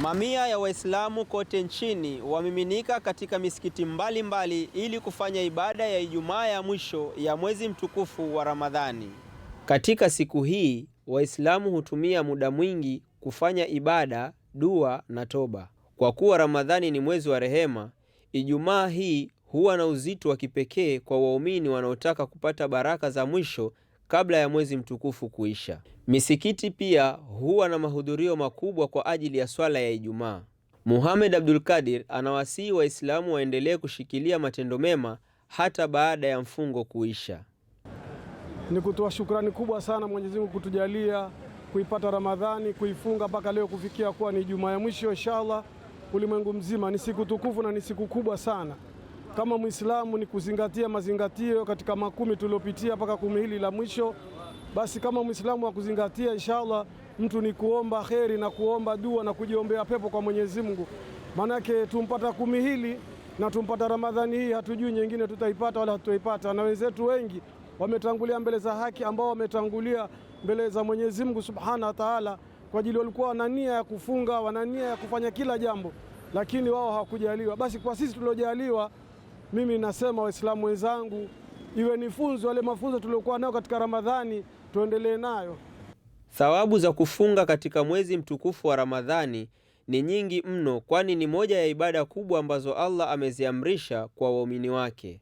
Mamia ya Waislamu kote nchini wamiminika katika misikiti mbalimbali mbali ili kufanya ibada ya Ijumaa ya mwisho ya mwezi mtukufu wa Ramadhani. Katika siku hii, Waislamu hutumia muda mwingi kufanya ibada, dua na toba. Kwa kuwa Ramadhani ni mwezi wa rehema, Ijumaa hii huwa na uzito wa kipekee kwa waumini wanaotaka kupata baraka za mwisho kabla ya mwezi mtukufu kuisha. Misikiti pia huwa na mahudhurio makubwa kwa ajili ya swala ya Ijumaa. Muhammad Abdul Kadir anawasihi Waislamu waendelee kushikilia matendo mema hata baada ya mfungo kuisha. Ni kutoa shukrani kubwa sana Mwenyezi Mungu kutujalia kuipata Ramadhani, kuifunga mpaka leo kufikia kuwa ni Ijumaa ya mwisho inshallah ulimwengu mzima. Ni siku tukufu na ni siku kubwa sana kama Mwislamu ni kuzingatia mazingatio katika makumi tuliopitia mpaka kumi hili la mwisho. Basi kama Mwislamu akuzingatia, inshallah, mtu ni kuomba kheri na kuomba dua na kujiombea pepo kwa Mwenyezi Mungu, maanake tumpata kumi hili na tumpata Ramadhani hii, hatujui nyingine tutaipata wala hatutaipata. Na wenzetu wengi wametangulia mbele za haki, ambao wametangulia mbele za Mwenyezi Mungu Subhanahu wa Ta'ala, kwa ajili walikuwa wana nia ya kufunga, wana nia ya kufanya kila jambo, lakini wao hawakujaliwa. Basi kwa sisi tuliojaliwa mimi nasema Waislamu wenzangu, iwe ni funzo, yale mafunzo tuliokuwa nayo katika Ramadhani tuendelee nayo. Thawabu za kufunga katika mwezi mtukufu wa Ramadhani ni nyingi mno, kwani ni moja ya ibada kubwa ambazo Allah ameziamrisha kwa waumini wake.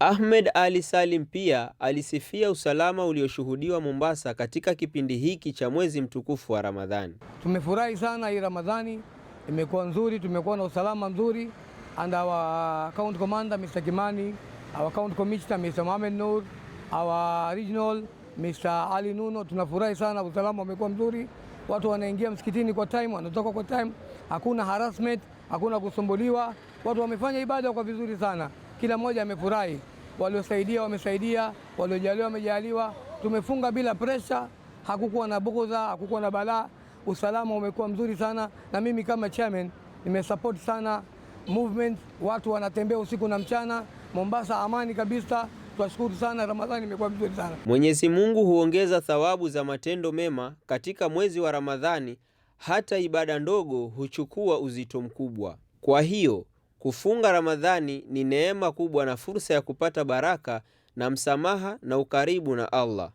Ahmed Ali Salim pia alisifia usalama ulioshuhudiwa Mombasa katika kipindi hiki cha mwezi mtukufu wa Ramadhani. Tumefurahi sana, hii Ramadhani imekuwa nzuri, tumekuwa na usalama mzuri and our account commander Mr. Kimani, our account commissioner Mr. Mohamed Nur, our regional Mr. Ali Nuno. Tunafurahi sana, usalama umekuwa mzuri, watu wanaingia msikitini kwa time, wanatoka kwa time, hakuna harassment, hakuna kusumbuliwa, watu wamefanya ibada kwa vizuri sana, kila mmoja amefurahi. Waliosaidia wamesaidia, waliojaliwa wamejaliwa. Tumefunga bila pressure, hakukuwa na bughudha, hakukuwa na balaa. Usalama umekuwa mzuri sana, na mimi kama chairman nimesupport sana movement, watu wanatembea usiku na mchana. Mombasa amani kabisa. Twashukuru sana, Ramadhani imekuwa vizuri sana. Mwenyezi Mungu huongeza thawabu za matendo mema katika mwezi wa Ramadhani, hata ibada ndogo huchukua uzito mkubwa. Kwa hiyo kufunga Ramadhani ni neema kubwa na fursa ya kupata baraka na msamaha na ukaribu na Allah.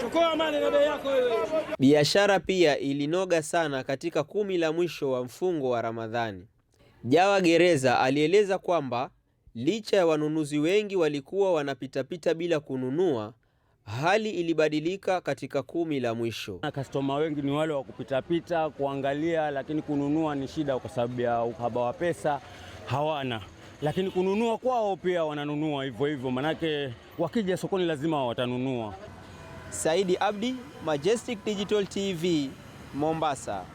Chukua amani na bei yako wewe. Biashara pia ilinoga sana katika kumi la mwisho wa mfungo wa Ramadhani. Jawa Gereza alieleza kwamba licha ya wanunuzi wengi walikuwa wanapitapita bila kununua, hali ilibadilika katika kumi la mwisho. Kastoma wengi ni wale wa kupitapita kuangalia, lakini kununua ni shida kwa sababu ya uhaba wa pesa hawana, lakini kununua kwao pia wananunua hivyo hivyo, manake wakija sokoni lazima watanunua. Saidi Abdi, Majestic Digital TV, Mombasa.